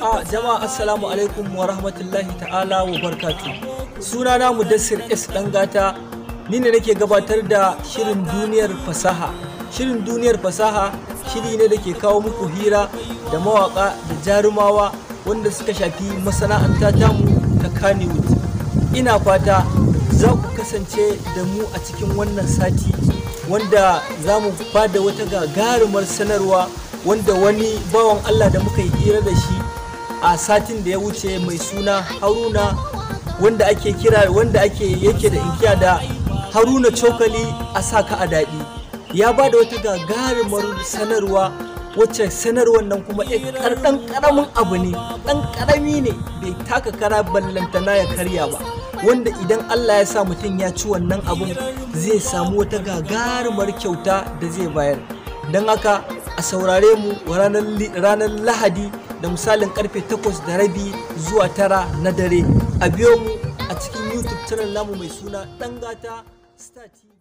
a ah, jama'a assalamu alaikum wa rahmatullahi ta'ala wa barkatu suna na mudassir s gata ni ne nake gabatar da shirin duniyar fasaha shirin duniyar fasaha shiri ne da ke kawo muku hira da mawaka da jarumawa wanda suka shafi masana'anta mu ta kanewood ina fata za ku kasance da mu a cikin wannan sati wanda za mu bada wata gagarumar sanarwa wanda wani bawan allah da muka yi hira da shi a satin da ya wuce mai suna haruna wanda ake kira wanda ake yake da inkiya da haruna cokali a saka a daɗi ya ba da wata gagarumar sanarwa wacce sanarwar nan kuma ɗan ƙaramin abu ne ɗan ƙarami ne bai taka kara ballantana ya karya ba wanda idan Allah ya sa mutum ya ci wannan abun zai samu wata gagarumar kyauta da zai bayar don haka a saurare mu ranar lahadi da misalin karfe 8 da rabi zuwa tara na dare a biyo mu a cikin youtube channel namu mai suna ɗan gata star tv